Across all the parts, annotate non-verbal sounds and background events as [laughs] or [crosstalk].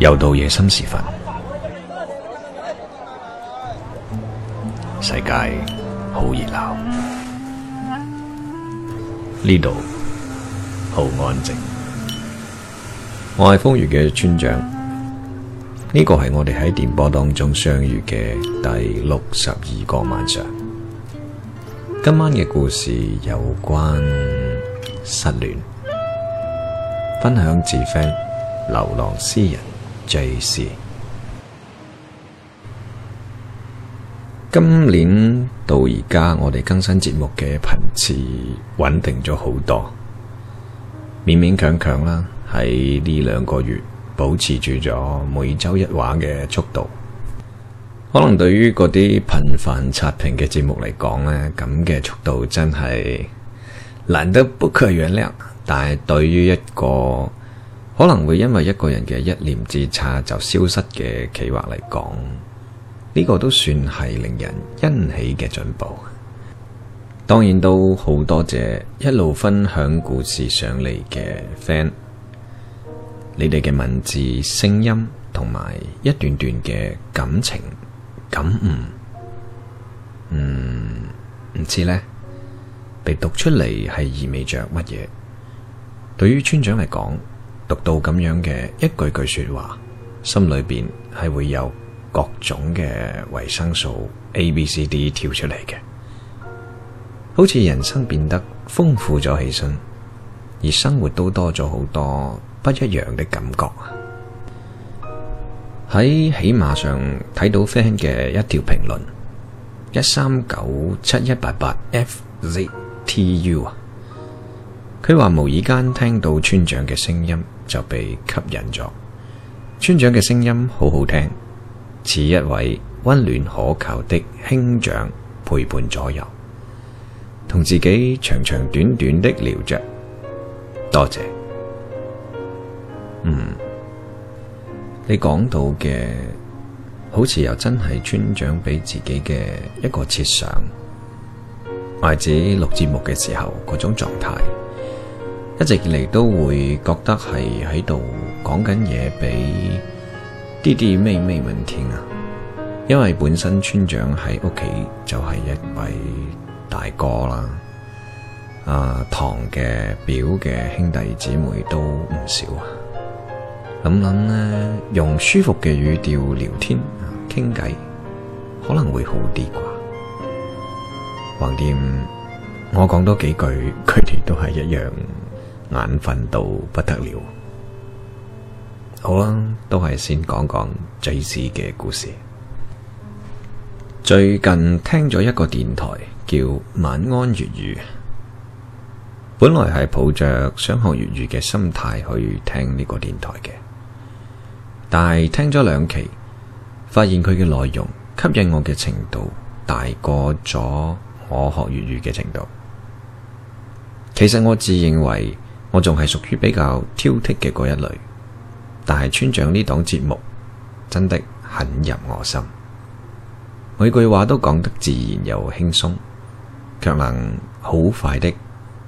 又到夜深時分，世界好熱鬧，呢度好安靜。我係瘋粵嘅村長，呢個係我哋喺電波當中相遇嘅第六十二個晚上。今晚嘅故事有關失戀，分享自 FAN 流浪詩人。JAYC，今年到而家，我哋更新節目嘅頻次穩定咗好多，勉勉強強啦。喺呢兩個月保持住咗每周一話嘅速度，可能對於嗰啲頻繁刷屏嘅節目嚟講呢，咁嘅速度真係懶得不可原諒。但係對於一個可能會因為一個人嘅一念之差就消失嘅企劃嚟講，呢個都算係令人欣喜嘅進步。當然都好多謝一路分享故事上嚟嘅 fan，你哋嘅文字、聲音同埋一段段嘅感情感悟，嗯，唔知呢？被讀出嚟係意味着乜嘢？對於村長嚟講。讀到咁樣嘅一句句說話，心裏邊係會有各種嘅維生素 A、B、C、D 跳出嚟嘅，好似人生變得豐富咗起身，而生活都多咗好多不一樣的感覺啊！喺喜馬上睇到 fan 嘅一條評論：一三九七一八八 FZTU 啊，佢話無意間聽到村長嘅聲音。就被吸引咗。村長嘅聲音好好聽，似一位溫暖可靠的兄長陪伴左右，同自己長長短短的聊着。多謝。嗯，你講到嘅，好似又真係村長俾自己嘅一個設想，或者錄節目嘅時候嗰種狀態。一直嚟都會覺得係喺度講緊嘢，俾弟弟妹妹問聽啊，因為本身村長喺屋企就係一位大哥啦，啊堂嘅表嘅兄弟姊妹都唔少啊，諗諗咧，用舒服嘅語調聊天傾偈，可能會好啲啩。橫掂，我講多幾句，佢哋都係一樣。眼瞓到不得了，好啦，都係先講講 JAYC 嘅故事。最近聽咗一個電台叫《晚安粵語》，本來係抱着想學粵語嘅心態去聽呢個電台嘅，但係聽咗兩期，發現佢嘅內容吸引我嘅程度大過咗我學粵語嘅程度。其實我自認為。我仲係屬於比較挑剔嘅嗰一類，但係村長呢檔節目真的很入我心，每句話都講得自然又輕鬆，卻能好快的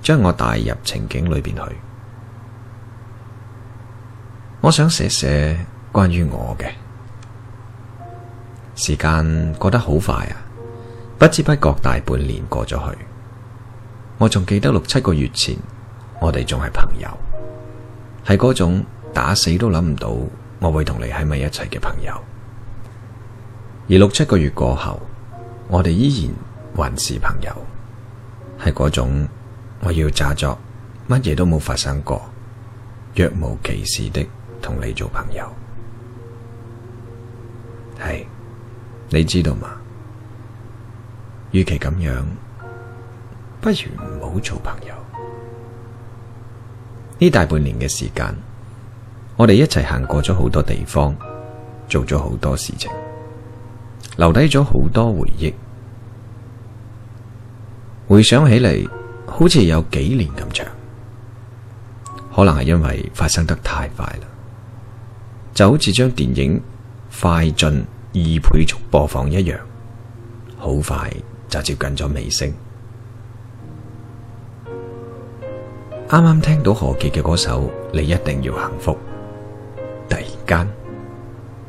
將我帶入情景裏邊去。我想寫寫關於我嘅。時間過得好快啊，不知不覺大半年過咗去，我仲記得六七個月前。我哋仲係朋友，係嗰種打死都諗唔到我會同你喺埋一齊嘅朋友。而六七個月過後，我哋依然還是朋友，係嗰種我要詐作乜嘢都冇發生過，若無其事的同你做朋友。係，你知道嗎？與其咁樣，不如唔好做朋友。呢大半年嘅時間，我哋一齊行過咗好多地方，做咗好多事情，留低咗好多回憶。回想起嚟，好似有幾年咁長，可能係因為發生得太快啦，就好似將電影快進二倍速播放一樣，好快就接近咗尾聲。啱啱聽到何潔嘅歌手，你一定要幸福。突然間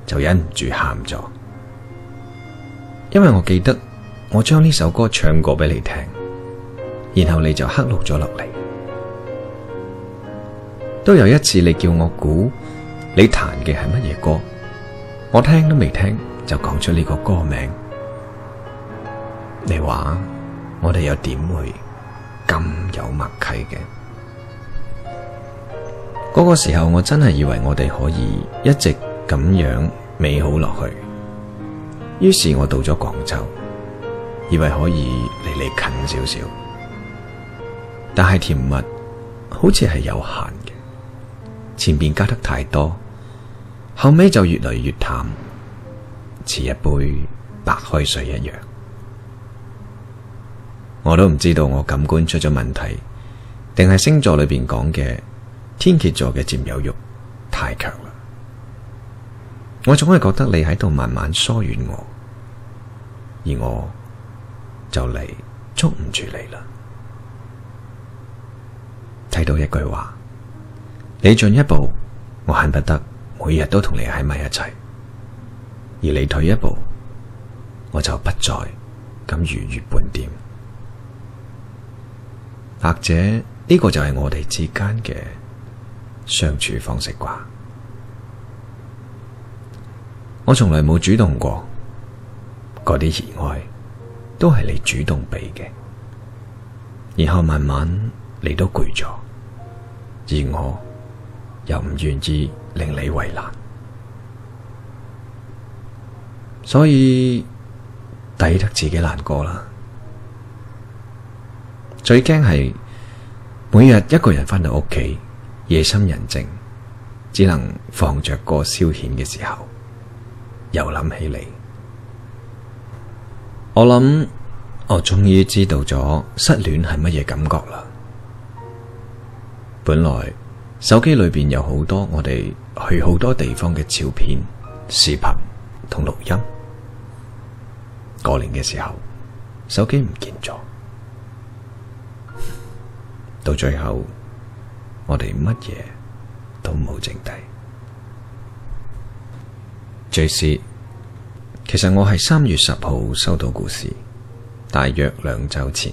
就忍唔住喊咗，因為我記得我將呢首歌唱過俾你聽，然後你就刻錄咗落嚟。都有一次你叫我估你彈嘅係乜嘢歌，我聽都未聽就講出呢個歌名。你話我哋又點會咁有默契嘅？嗰個時候，我真係以為我哋可以一直咁樣美好落去。於是，我到咗廣州，以為可以離你近少少。但係甜蜜好似係有限嘅，前面加得太多，後尾就越嚟越淡，似一杯白開水一樣。我都唔知道我感官出咗問題，定係星座裏邊講嘅。天蠍座嘅佔有欲太強啦，我總係覺得你喺度慢慢疏遠我，而我就嚟捉唔住你啦。睇到一句話，你進一步，我恨不得每日都同你喺埋一齊；而你退一步，我就不再咁逾越半點。或者呢個就係我哋之間嘅。相處方式啩，我從來冇主動過，嗰啲熱愛都係你主動俾嘅，然後慢慢你都攰咗，而我又唔願意令你為難，所以抵得自己難過啦。最驚係每日一個人翻到屋企。夜深人靜，只能放着歌消遣嘅時候，又諗起你。我諗我終於知道咗失戀係乜嘢感覺啦。本來手機裏邊有好多我哋去好多地方嘅照片、視頻同錄音。過年嘅時候，手機唔見咗，到最後。我哋乜嘢都冇剩低。JAYC，其實我係三月十號收到故事，大約兩周前，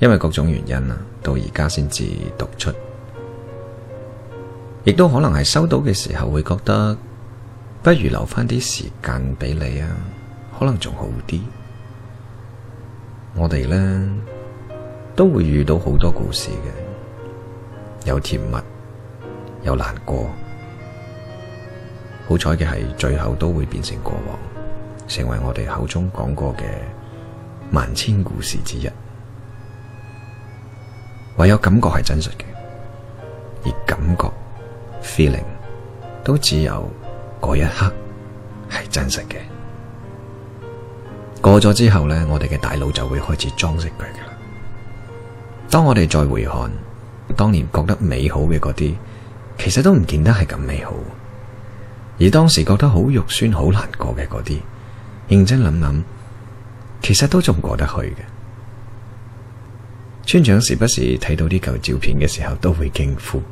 因為各種原因啊，到而家先至讀出，亦都可能係收到嘅時候會覺得，不如留翻啲時間俾你啊，可能仲好啲。我哋呢都會遇到好多故事嘅。有甜蜜，有難過，好彩嘅係最後都會變成過往，成為我哋口中講過嘅萬千故事之一。唯有感覺係真實嘅，而感覺 feeling 都只有嗰一刻係真實嘅。過咗之後呢，我哋嘅大腦就會開始裝飾佢㗎喇。當我哋再回看。當年覺得美好嘅嗰啲，其實都唔見得係咁美好；而當時覺得好肉酸、好難過嘅嗰啲，認真諗諗，其實都仲過得去嘅。村長時不時睇到呢舊照片嘅時候，都會驚呼：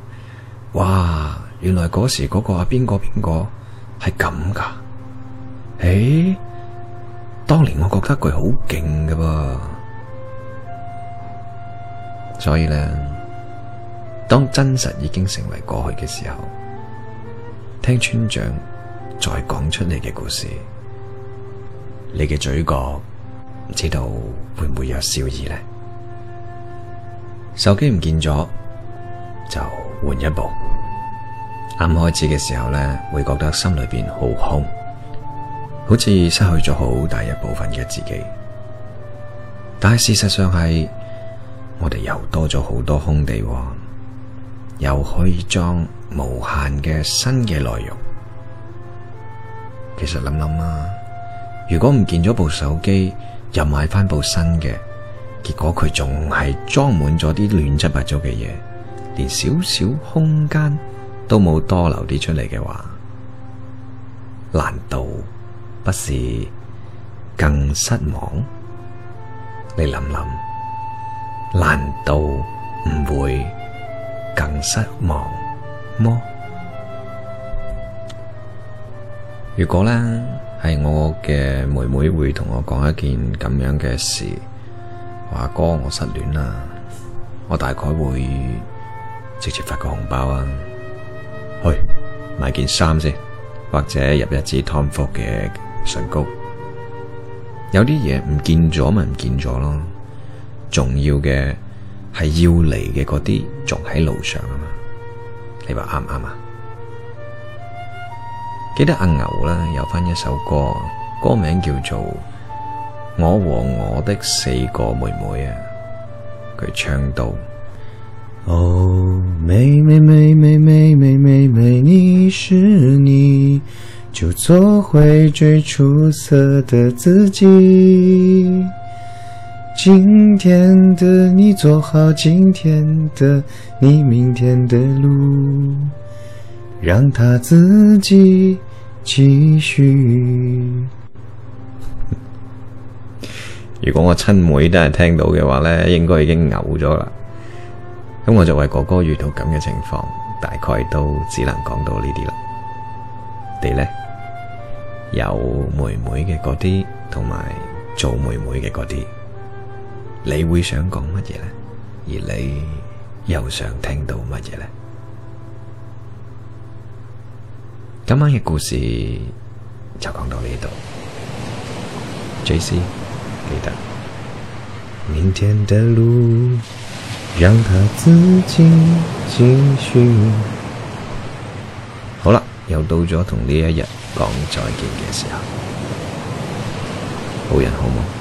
哇！原來嗰時嗰個阿、啊、邊個邊個係咁噶？誒、欸，當年我覺得佢好勁噶噃，所以咧。當真實已經成為過去嘅時候，聽村長再講出你嘅故事，你嘅嘴角唔知道會唔會有笑意呢？手機唔見咗，就換一部。啱開始嘅時候咧，會覺得心裏邊好空，好似失去咗好大一部分嘅自己。但係事實上係，我哋又多咗好多空地喎。又可以裝無限嘅新嘅內容。其實諗諗啊，如果唔見咗部手機，又買翻部新嘅，結果佢仲係裝滿咗啲亂七八糟嘅嘢，連少少空間都冇多留啲出嚟，嘅話，難道不是更失望？你諗諗，難道唔會？更失望麼？如果咧係我嘅妹妹會同我講一件咁樣嘅事，話哥，我失戀啦，我大概會直接發個紅包啊，去買件衫先，或者入一支 Tom Ford 嘅唇膏。有啲嘢唔見咗咪唔見咗咯，重要嘅。係要嚟嘅嗰啲仲喺路上啊嘛，你話啱唔啱啊？記得阿牛啦，有翻一首歌，歌名叫做《我和我的四個妹妹》啊，佢唱到：「哦，妹妹妹妹妹妹妹妹，你是你，就做回最出色的自己。今天的你做好今天的你，明天的路讓它自己繼續。 [laughs] 如果我親妹都係聽到嘅話咧，應該已經嘔咗啦。咁我作為哥哥遇到咁嘅情況，大概都只能講到呢啲啦。你咧，有妹妹嘅嗰啲，同埋做妹妹嘅嗰啲。你會想講乜嘢咧？而你又想聽到乜嘢咧？今晚嘅故事就講到呢度。JC，記得明天的路讓它自己繼續。好啦，又到咗同呢一日講再見嘅時候，好人好夢。